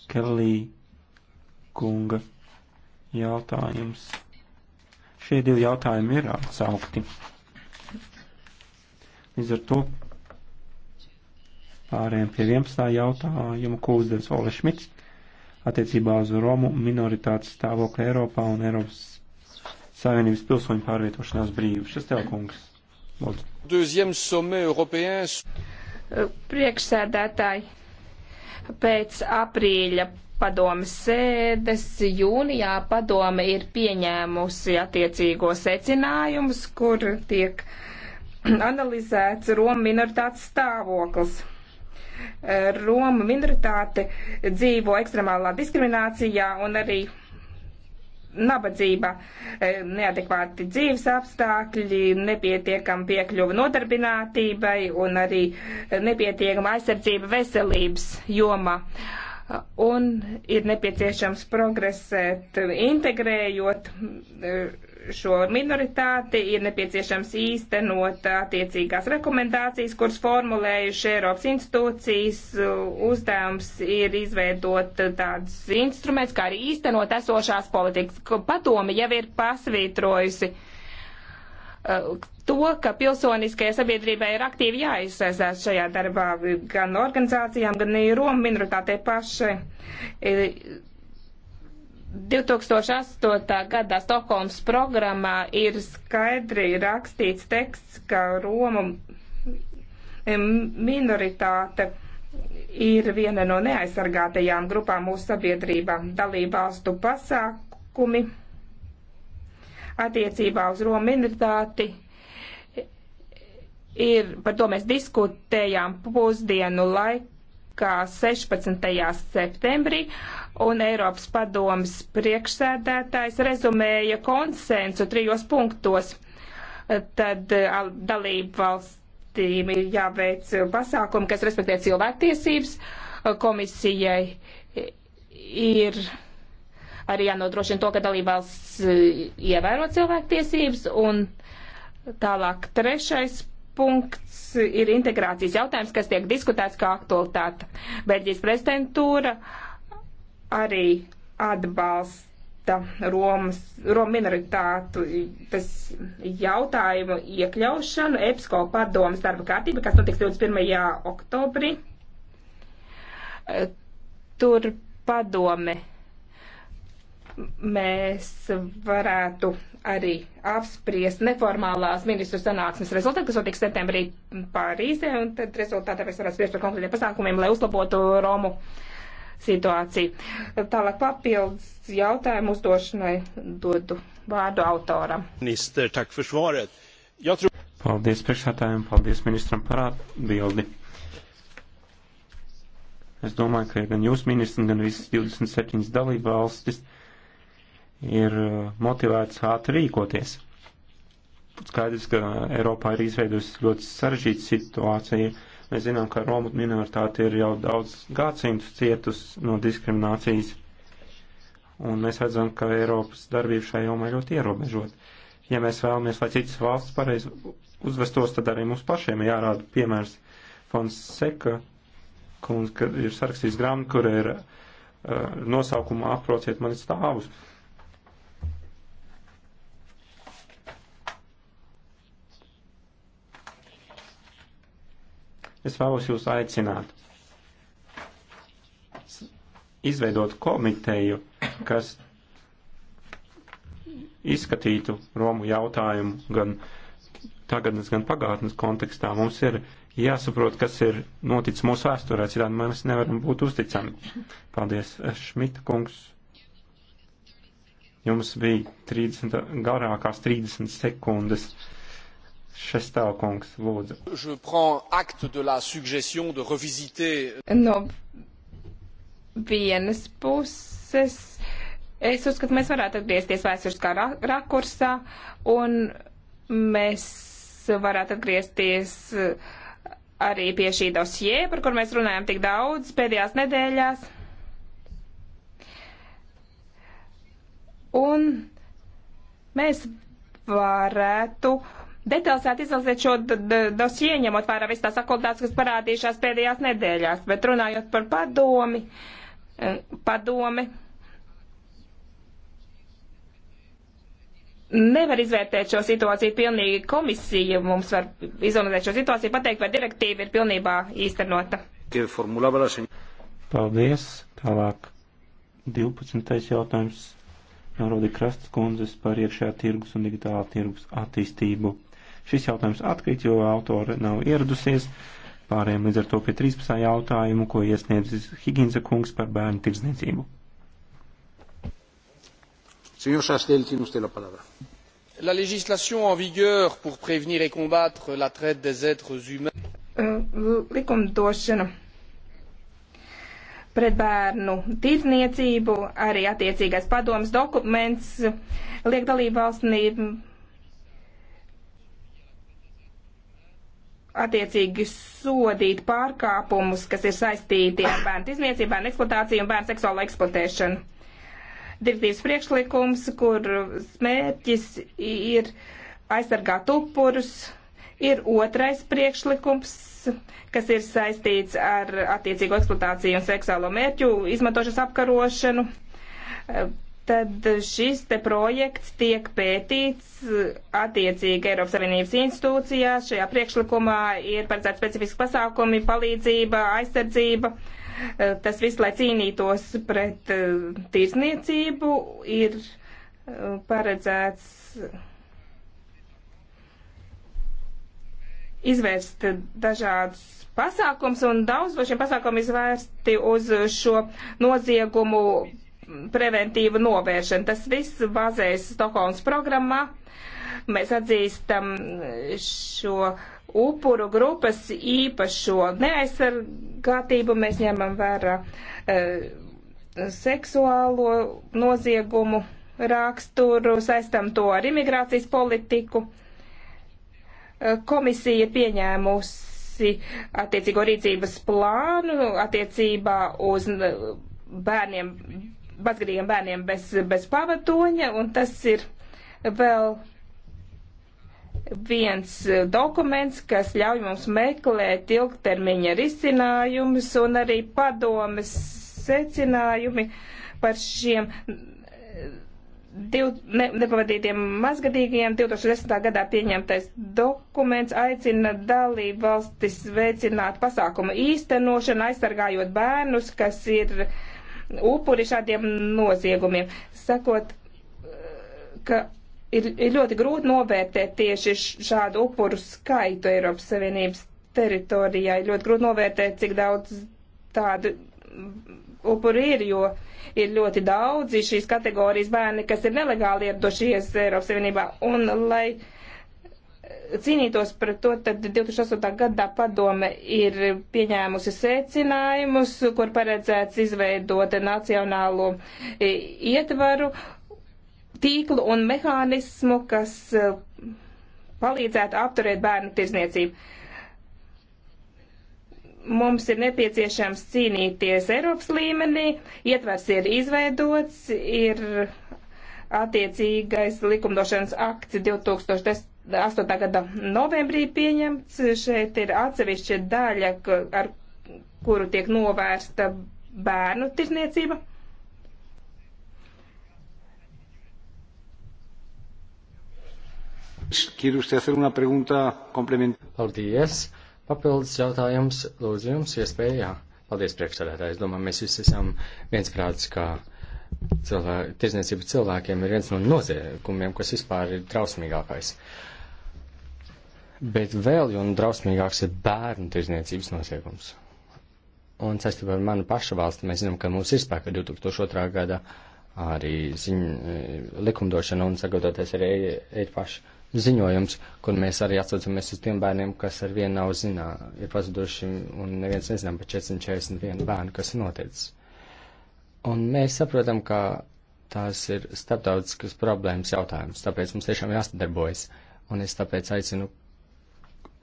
Kelly kunga jautājums. Šie divi jautājumi ir atsaukti. Līdz ar to pārējiem pie 11. jautājuma, ko uzdevis Ole Šmits attiecībā uz Romu minoritātes stāvokli Eiropā un Eiropas Savienības pilsoņu pārvietošanās brīvu. Šis tev, kungs, lūdzu. Priekšsēdētāji, Pēc aprīļa padomas sēdes jūnijā padome ir pieņēmusi attiecīgo secinājumus, kur tiek analizēts Roma minoritātes stāvoklis. Roma minoritāte dzīvo ekstremālā diskriminācijā un arī nabadzība, e, neadekvāti dzīves apstākļi, nepietiekama piekļuva nodarbinātībai un arī nepietiekama aizsardzība veselības jomā. Un ir nepieciešams progresēt, integrējot e, šo minoritāti, ir nepieciešams īstenot attiecīgās rekomendācijas, kuras formulējuši Eiropas institūcijas. Uzdevums ir izveidot tādus instrumentus, kā arī īstenot esošās politikas. Padomi jau ir pasvītrojusi to, ka pilsoniskajai sabiedrībai ir aktīvi jāiesaistās šajā darbā gan organizācijām, gan arī Romu minoritātei pašai 2008. gadā Stokholmas programmā ir skaidri rakstīts teksts, ka Roma minoritāte ir viena no neaizsargātajām grupām mūsu sabiedrībā. Dalībvalstu pasākumi attiecībā uz Roma minoritāti ir, par to mēs diskutējām pusdienu laikā 16. septembrī, un Eiropas padomas priekšsēdētājs rezumēja konsensu trijos punktos. Tad eh, dalību valstīm ir jāveic pasākumi, kas respektē cilvēktiesības. Eh, komisijai eh, ir arī jānodrošina to, ka dalībvalsts ievēro cilvēktiesības un tālāk trešais punkts ir integrācijas jautājums, kas tiek diskutēts kā aktualitāte. Beļģijas prezidentūra uh, arī atbalsta Romas, Romu minoritātu tas jautājumu iekļaušanu EPSCO padomas darba kārtība, kas notiks 21. oktobrī. E, tur padome mēs varētu arī apspriest neformālās ministru sanāksmes rezultātu, kas notiks septembrī Pārīzē, un tad rezultātā mēs varētu spriest par konkrētiem pasākumiem, lai uzlabotu Romu uh, situāciju. Tālāk papildus jautājumu uzdošanai dodu vārdu autoram. Minister, tak par svaret. Tru... Paldies priekšsētājiem, paldies ministram par atbildi. Es domāju, ka gan jūs, ministri, gan visas 27 dalība valstis ir uh, motivētas ātri rīkoties. Skaidrs, ka Eiropā ir izveidojusi ļoti sarežģīta situācija Mēs zinām, ka Romu minoritāte ir jau daudz gadsimtus cietus no diskriminācijas, un mēs redzam, ka Eiropas darbība šajā jomā ļoti ierobežot. Ja mēs vēlamies, lai citas valsts pareizi uzvestos, tad arī mums pašiem jārāda piemērs. Fonseka kungs ir sarakstījis grāmatu, kur ir uh, nosaukuma aprociet mani stāvus. Uh, Es vēlos jūs aicināt izveidot komiteju, kas izskatītu Romu jautājumu gan tagadnes, gan pagātnes kontekstā. Mums ir jāsaprot, kas ir noticis mūsu vēsturē, citādi mēs nevaram būt uzticami. Paldies, Šmita kungs. Jums bija 30, garākās 30 sekundes. Šestāv kungs, lūdzu. Je prends acte de la suggestion de revisiter. Euh, no vienas puses, es uzskatu, mēs varētu atgriezties vēsturiskā ra rakursā, un mēs varētu atgriezties uh, arī pie šī dosie, par kur mēs runājam tik daudz pēdējās nedēļās. Un mēs varētu uh, detalizēti izlasīt šo dosie, ņemot vērā visu tās akolitātes, kas parādījušās pēdējās nedēļās, bet runājot par padomi, eh, padomi. nevar izvērtēt šo situāciju pilnīgi. Komisija mums var izanalizēt šo situāciju, pateikt, vai direktīva ir pilnībā īstenota. Paldies. Tālāk 12. jautājums. Norodi Krastas kundzes par iekšējā tirgus un digitālā tirgus attīstību. Šis jautājums atkrīt, jo autore nav ieradusies. Pārējiem līdz ar to pie 13. jautājumu, ko iesniedzis Higinza kungs par bērnu tirdzniecību. Señor Chastel, tiene usted la palabra la législation en vigueur pour prévenir et combattre la traite des êtres humains likumdošana pret bērnu tirdzniecību, arī attiecīgais padomas dokuments liek dalībvalstīm attiecīgi sodīt pārkāpumus, kas ir saistīti ar bērnu izniecību, bērnu eksploatāciju un bērnu seksuālu eksploatēšanu. Direktīvas priekšlikums, kur smērķis ir aizsargāt upurus, ir otrais priekšlikums, kas ir saistīts ar attiecīgo eksploatāciju un seksuālo mērķu izmantošanas apkarošanu tad šis te projekts tiek pētīts uh, attiecīgi Eiropas Savienības institūcijās. Šajā priekšlikumā ir paredzēti specifiski pasākumi, palīdzība, aizsardzība. Uh, tas viss, lai cīnītos pret uh, tirsniecību, ir paredzēts izvērst dažādus pasākums, un daudz no šiem pasākumiem izvērsti uz šo noziegumu preventīva novēršana. Tas viss bazējas Stokholmas programmā. Mēs atzīstam šo upuru grupas īpašo neaizsargātību, mēs ņemam vērā e, seksuālo noziegumu raksturu, saistam to ar imigrācijas politiku. E, komisija pieņēmusi attiecīgo rīcības plānu attiecībā uz bērniem mazgadīgiem bērniem bez, bez pavatoņa, un tas ir vēl viens dokuments, kas ļauj mums meklēt ilgtermiņa risinājumus un arī padomes secinājumi par šiem div, ne, nepavadītiem mazgadīgajiem 2010. gadā pieņemtais dokuments aicina dalību valstis veicināt pasākumu īstenošanu, aizsargājot bērnus, kas ir uh, upuri šādiem noziegumiem. Sakot, ka ir, ir ļoti grūti novērtēt tieši šādu upuru skaitu Eiropas Savienības teritorijā. Ir ļoti grūti novērtēt, cik daudz tādu upuri ir, jo ir ļoti daudzi šīs kategorijas bērni, kas ir nelegāli ieradušies Eiropas Savienībā. Un, lai, uh, cīnītos par to, tad 2008. gadā padome ir pieņēmusi secinājumus, kur paredzēts izveidot nacionālo e, ietvaru, tīklu un mehānismu, kas e, palīdzētu apturēt bērnu tirzniecību. Mums ir nepieciešams cīnīties Eiropas līmenī, ietvers ir izveidots, ir attiecīgais likumdošanas akts 2010 8. gada novembrī pieņemts. Šeit ir atsevišķa daļa, ar kuru tiek novērsta bērnu tirzniecība. Paldies! Papildus jautājums, lūdzu, jums iespējā. Paldies, priekšsēdētāji. Es domāju, mēs visi esam viensprāts, ka cilvē, tirzniecība cilvēkiem ir viens no noziegumiem, kas vispār ir trausmīgākais. Uh, Bet vēl jau drausmīgāks ir bērnu tirzniecības noziegums. Un saistībā ar manu pašu valsti mēs zinām, ka mums ir spēka 2002. gada arī ziņ, e, likumdošana un sagatavoties arī ir paši ziņojums, kur mēs arī atsaucamies uz tiem bērniem, kas ar vienu nav zinā, ir pazuduši un neviens nezinām par 441 bērnu, kas ir noticis. Un mēs saprotam, ka tās ir starptautiskas problēmas jautājums, tāpēc mums tiešām jāsadarbojas. Un es tāpēc aicinu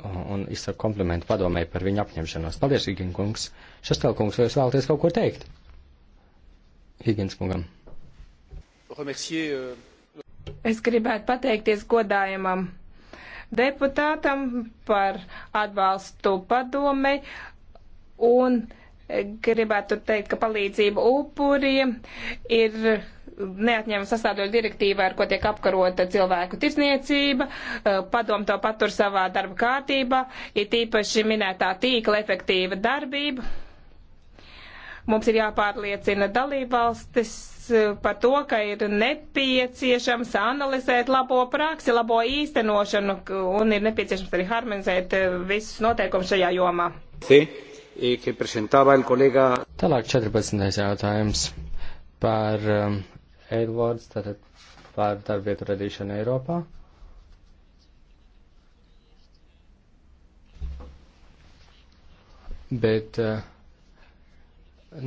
un izsaka komplimentu padomēji par viņu apņemšanos. Paldies, Higgins kungs. Šastel kungs, vai jūs vēlaties kaut ko teikt? Higgins kungam. Euh, es gribētu pateikties godājumam deputātam par atbalstu padomei un gribētu teikt, ka palīdzība upuriem ir neatņēma sastāvdaļu direktīva, ar ko tiek apkarota cilvēku tirsniecība. Padom to patur savā darba kārtībā, ir tīpaši minētā tīkla efektīva darbība. Mums ir jāpārliecina dalībvalstis par to, ka ir nepieciešams analizēt labo praksi, labo īstenošanu un ir nepieciešams arī harmonizēt visus noteikumus šajā jomā. Tālāk 14. jautājums par um, Edwards, tātad par darbvietu radīšanu Eiropā. Bet, eh,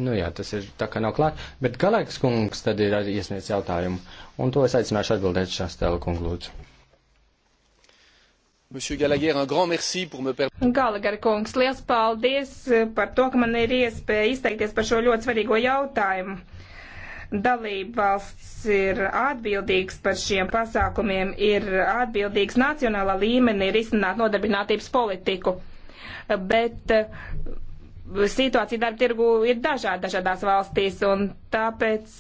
nu jā, tas ir tā kā nav klāt, bet Galēks kungs tad ir iesniedz jautājumu, un to es aicināšu atbildēt šās tēla kungu lūdzu. Monsieur Gallagher, un grand merci pour me permettre. Gallagher kungs, liels paldies par to, ka man ir iespēja izteikties par šo ļoti svarīgo jautājumu dalībvalsts ir atbildīgs par šiem pasākumiem, ir atbildīgs nacionālā līmenī risināt nodarbinātības politiku. Bet eh, situācija darba tirgu ir dažāda dažādās valstīs, un tāpēc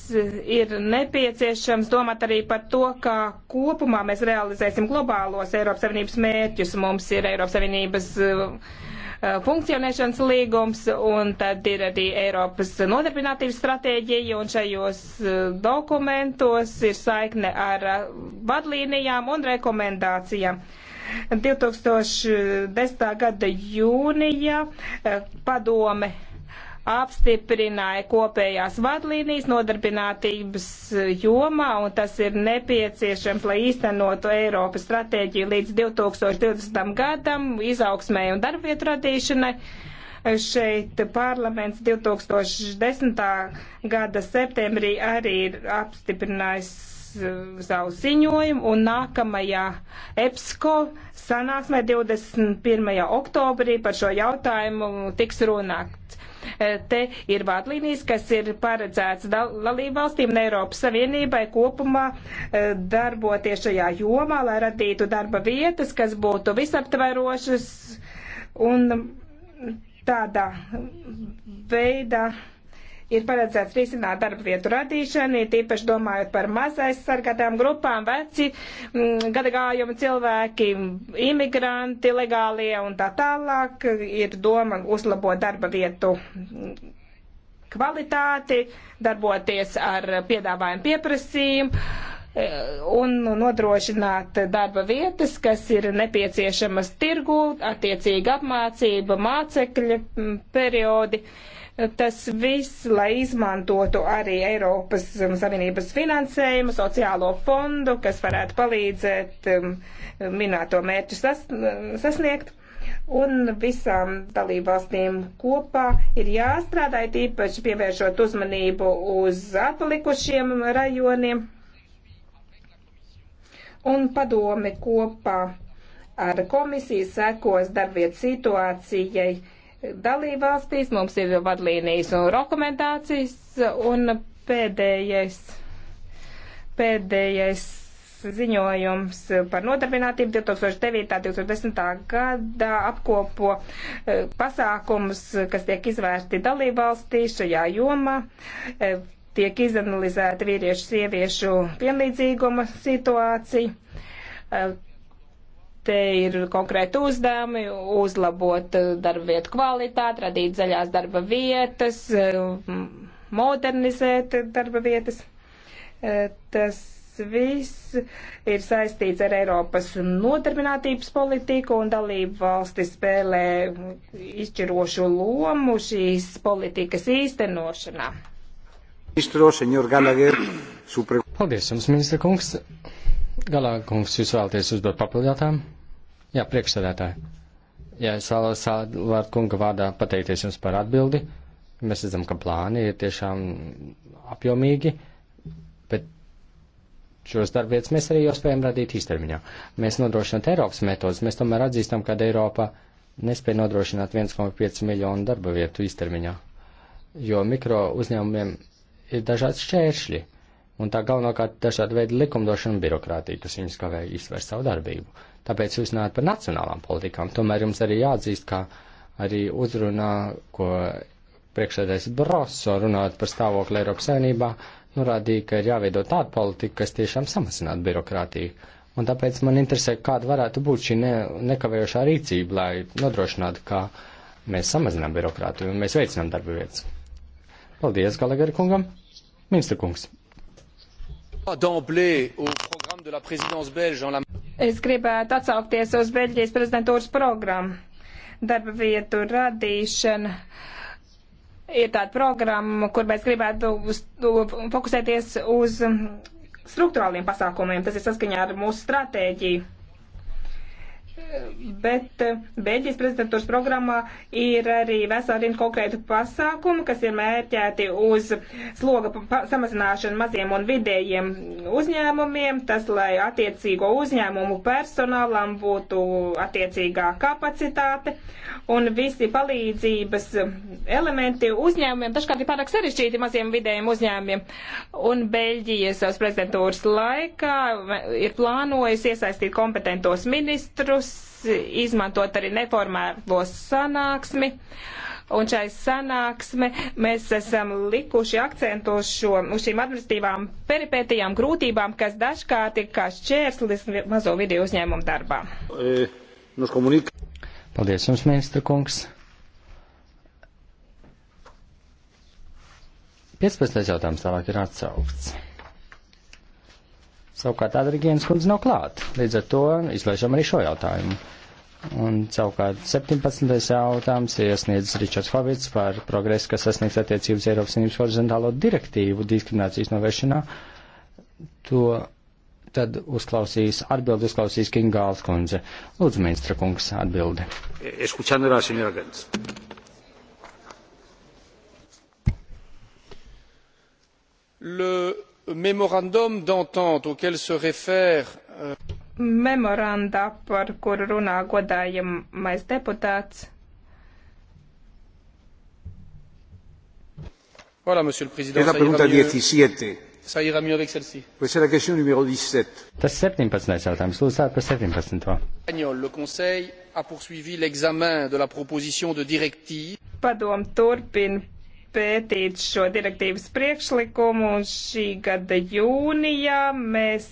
ir nepieciešams domāt arī par to, kā kopumā mēs realizēsim globālos Eiropas Savienības mērķus. Mums ir Eiropas Savienības uh, Eh, funkcionēšanas līgums, un tad ir arī Eiropas nodarbinātības stratēģija, un šajos eh, dokumentos ir saikne ar eh, vadlīnijām un rekomendācijām. 2010. gada jūnija padome apstiprināja kopējās vadlīnijas nodarbinātības jomā, un tas ir nepieciešams, lai īstenotu Eiropas stratēģiju līdz 2020. gadam, izaugsmē un darbvietu radīšanai. Šeit parlaments 2010. gada septembrī arī ir apstiprinājis uh, savu ziņojumu, un nākamajā EPSCO sanāksmē 21. oktobrī par šo jautājumu tiks runāts. Eh, te ir vadlīnijas, kas ir paredzēts dalību valstīm un Eiropas Savienībai kopumā eh, darboties šajā jomā, lai radītu darba vietas, kas būtu visaptverošas un tādā veidā ir paredzēts risināt darba vietu radīšanu, tīpaši domājot par mazais sargātām grupām, veci, mm, gadagājumi cilvēki, imigranti, legālie un tā tālāk. Ir doma uzlabot darba vietu kvalitāti, darboties ar piedāvājumu pieprasījumu e, un nodrošināt darba vietas, kas ir nepieciešamas tirgū, attiecīga apmācība, mācekļa mm, periodi. Uh, Tas viss, lai izmantotu arī Eiropas um, Savienības finansējumu, sociālo fondu, kas varētu palīdzēt um, minēto mērķu sas, um, sasniegt. Un visām dalībvalstīm kopā ir jāstrādā, tīpaši pievēršot uzmanību uz atlikušiem rajoniem. Un padomi kopā ar komisiju sekos darbvietu situācijai dalībvalstīs, mums ir vadlīnijas un rekomendācijas, un pēdējais, pēdējais ziņojums par nodarbinātību 2009.-2010. gadā apkopo e, pasākumus, kas tiek izvērsti dalībvalstī šajā jomā. E, tiek izanalizēta vīriešu sieviešu vienlīdzīguma situācija e, Te ir konkrēti uzdevumi uzlabot eh, darba vietu kvalitāti, radīt zaļās darba vietas, eh, modernizēt darba vietas. Eh, tas viss ir saistīts ar Eiropas nodarbinātības politiku un dalību valsti spēlē izšķirošu lomu šīs politikas īstenošanā. Paldies jums, ministra kungs. Galā kungs, jūs vēlaties uzdot papildinātājumu? Jā, priekšsēdētāji. Jā, es vēlos Lārta kunga vārdā pateikties jums par atbildi. Mēs redzam, ka plāni ir tiešām apjomīgi, bet šos darbvietas mēs arī jau spējam radīt īstermiņā. Mēs nodrošināt Eiropas metodas, mēs tomēr atzīstam, ka Eiropa nespēja nodrošināt 1,5 miljonu darba vietu īstermiņā, jo mikro uzņēmumiem ir dažādi šķēršļi, un tā galvenokārt dažādi veidi likumdošana un birokrātija, kas viņus kavē izvērst savu darbību. Tāpēc jūs runājat par nacionālām politikām. Tomēr jums arī jāatzīst, ka arī uzrunā, ko priekšsēdājs Broso runājot par stāvokli Eiropas saimnībā, norādīja, ka ir jāveido tāda politika, kas tiešām samazinātu birokrātiju. Un tāpēc man interesē, kāda varētu būt šī ne, nekavējošā rīcība, lai nodrošinātu, ka mēs samazinām birokrātiju un mēs veicinām darba vietas. Paldies, Galagari kungam. Ministra kungs. Es gribētu atsaukties uz Beļģijas prezidentūras programmu. Darba vietu radīšana ir tāda programma, kur mēs gribētu fokusēties uz struktūrāliem pasākumiem. Tas ir saskaņā ar mūsu stratēģiju. Bet eh, Beļģijas prezidentūras programmā ir arī vesela rinda konkrētu pasākumu, kas ir mērķēti uz sloga samazināšanu maziem un vidējiem uzņēmumiem, tas, lai attiecīgo uzņēmumu personālam būtu attiecīgā kapacitāte un visi palīdzības elementi uzņēmumiem, dažkārt ir pārāk sarežģīti maziem vidējiem uzņēmumiem. Un Beļģijas prezidentūras laikā eh, ir plānojis iesaistīt kompetentos ministrus, jūs izmantot arī neformālo sanāksmi. Un šai sanāksme mēs esam likuši akcentu uz, šo, uz šīm administratīvām peripētijām, grūtībām, kas dažkārt ir kā šķērslis mazo video uzņēmumu darbā. Eh, Paldies jums, ministra kungs. 15. jautājums tālāk ir atsaukts. Savukārt Adrigienas kundze nav klāt. Līdz ar to izlaižam arī šo jautājumu. Un savukārt 17. jautājums iesniedzis Ričards Hovits par progresu, kas sasniegs attiecības Eiropas Savienības horizontālo direktīvu diskriminācijas novēršanā. To tad uzklausīs, atbildi uzklausīs Kingāls kundze. Lūdzu, ministra kungs, atbildi. Le memorandum d'entente auquel se réfère euh, Memorandā, par kuru runā godājamais deputāts. Voilà, Monsieur le Président. Es la pregunta 17. Ça ira mieux avec celle-ci. Pues la question numéro 17. Tas 17. jautājums. Lūdzu, sāk par 17. Paņol, le Conseil a poursuivi l'examen de la proposition de directive. Padom turpin pētīt šo direktīvas priekšlikumu, un šī gada jūnijā mēs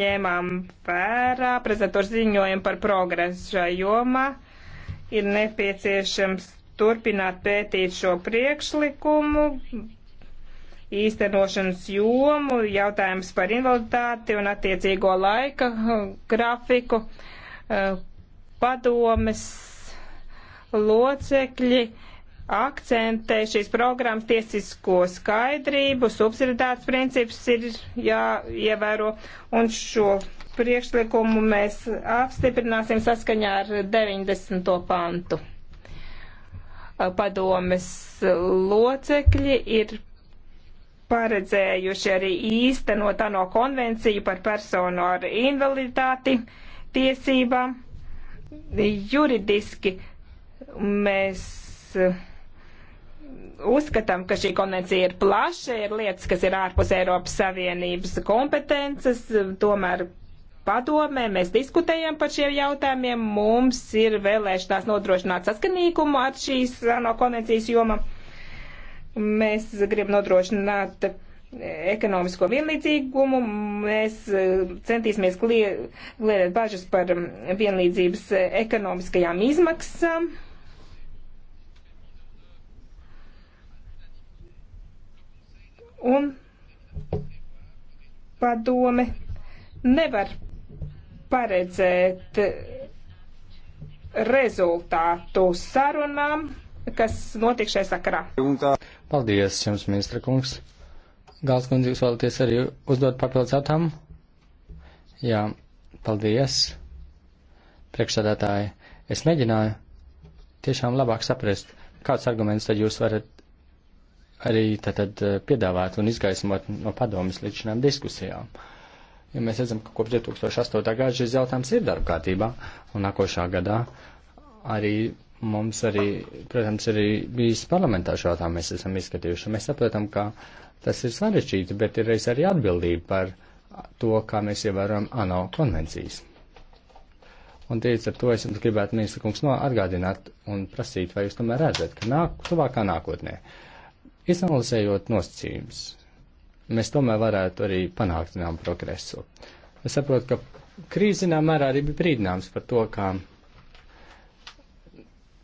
ņēmām vērā prezidentūras ziņojumu par progresu šajā jomā. Ir nepieciešams turpināt pētīt šo priekšlikumu, īstenošanas jomu, jautājums par invaliditāti un attiecīgo laika hm, grafiku. Hm, padomes locekļi akcentē šīs programmas tiesisko skaidrību, subsidētas princips ir jāievēro, un šo priekšlikumu mēs apstiprināsim saskaņā ar 90. pantu. Padomes locekļi ir paredzējuši arī īstenot ANO konvenciju par personu ar invaliditāti tiesībām. Juridiski mēs uh, uzskatām, ka šī konvencija ir plaša, ir lietas, kas ir ārpus Eiropas Savienības kompetences, tomēr padomē mēs diskutējam par šiem jautājumiem, mums ir vēlēšanās nodrošināt saskanīgumu ar šīs ANO konvencijas joma. Mēs gribam nodrošināt ekonomisko vienlīdzīgumu, mēs eh, centīsimies kliedēt bažas par mm, vienlīdzības ekonomiskajām izmaksām. Un padome nevar paredzēt rezultātu sarunām, kas notiek šajā sakarā. Paldies jums, ministra kungs. Gals kundze, jūs vēlaties arī uzdot papildus jautājumu? Jā, paldies. Priekšsādātāji, es mēģināju tiešām labāk saprast, kāds arguments tad jūs varat arī tātad eh, piedāvāt un izgaismot no padomas līdz šīm diskusijām. Ja mēs redzam, ka kopš 2008. gada šis jautājums ir darba kārtībā, un nākošā gadā arī mums arī, protams, arī bijis parlamentā šo jautājumu mēs esam izskatījuši. Mēs saprotam, ka tas ir sarežģīti, bet ir reiz arī atbildība par to, kā mēs ievērojam ANO konvencijas. Un tieši ar to es jums gribētu, ministra kungs, no atgādināt un prasīt, vai jūs tomēr redzat, ka nāk, tuvākā nākotnē. Uh, Izanalizējot nosacījumus, mēs tomēr varētu arī panākt zinām progresu. Es saprotu, ka krīze zinām mērā arī bija brīdināms par to, kā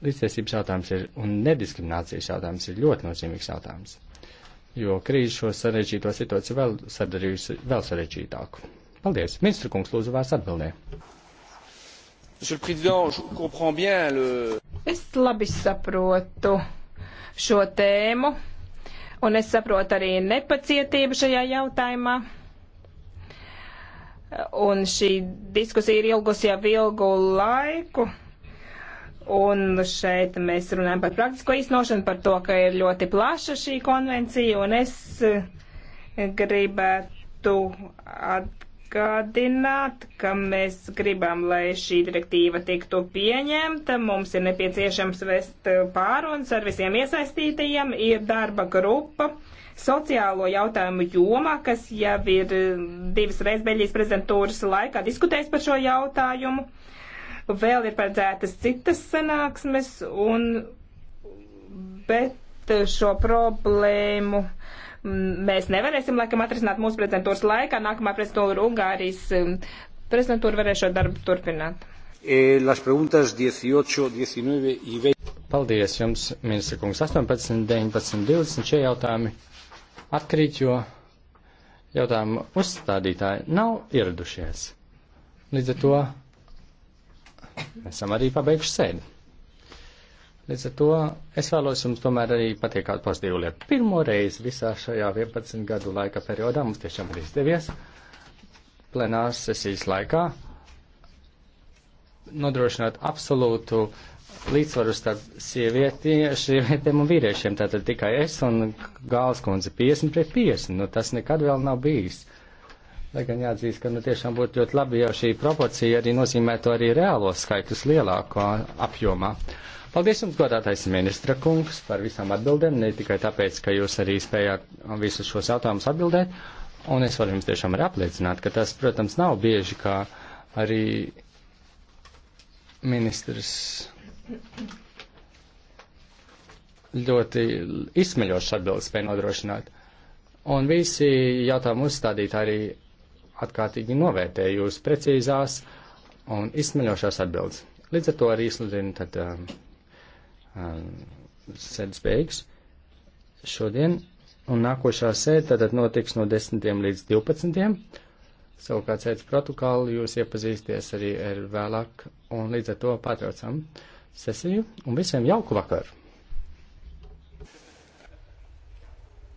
līdztiesības jautājums ir un nediskriminācijas jautājums ir ļoti nozīmīgs jautājums, jo krīze šo sarežģīto situāciju vēl sadarījusi vēl sarežģītāku. Paldies! Ministra kungs, lūdzu, vairs atbildē. Es labi saprotu šo tēmu un es saprotu arī nepacietību šajā jautājumā. Un šī diskusija ir ilgus jau ilgu laiku. Un šeit mēs runājam par praktisko īstenošanu, par to, ka ir ļoti plaša šī konvencija, un es gribētu atgādināt atgādināt, ka mēs gribam, lai šī direktīva tiktu pieņemta. Mums ir nepieciešams vest pārunas ar visiem iesaistītajiem. Ir darba grupa sociālo jautājumu jomā, kas jau ir divas reizes Beļģijas prezidentūras laikā diskutējis par šo jautājumu. Vēl ir paredzētas citas sanāksmes, un, bet šo problēmu mēs nevarēsim, laikam, atrisināt mūsu prezidentūras laikā. Nākamā prezidentūra ir Ungārijas um, prezidentūra varēs šo darbu turpināt. E, las preguntas 18, 19 y 20. Paldies jums, ministra kungs. 18, 19, 20 šie jautājumi atkrīt, jo jautājumu uzstādītāji nav ieradušies. Līdz ar to esam arī pabeiguši sēdi. Līdz ar to es vēlos jums tomēr arī pateikt kādu pozitīvu lietu. Pirmo reizi visā šajā 11 gadu laika periodā mums tiešām ir izdevies plenāras sesijas laikā nodrošināt absolūtu līdzsvaru starp sievietēm un vīriešiem. Tātad tikai es un Gāls kundze 50 pret 50. Nu, tas nekad vēl nav bijis. Lai gan jāatzīst, ka nu, tiešām būtu ļoti labi, ja šī proporcija arī nozīmētu arī reālos skaitļus lielākā apjomā. Uh, Paldies jums, godātais ministra kungs, par visām atbildēm, ne tikai tāpēc, ka jūs arī spējāt visus šos jautājumus atbildēt, un es varu jums tiešām arī apliecināt, ka tas, protams, nav bieži, kā arī ministrs ļoti izsmeļošas atbildes spēja nodrošināt. Un visi jautājumu uzstādīt arī atkārtīgi novērtēja jūs precīzās un izsmeļošās atbildes. Līdz ar to arī izsludinu tad. Um, sēdes beigas šodien, un nākošā sēde tātad notiks no 10. līdz 12. Savukārt sēdes protokolu jūs iepazīsties arī ar vēlāk, un līdz ar to pārtraucam sesiju, un visiem jauku vakaru!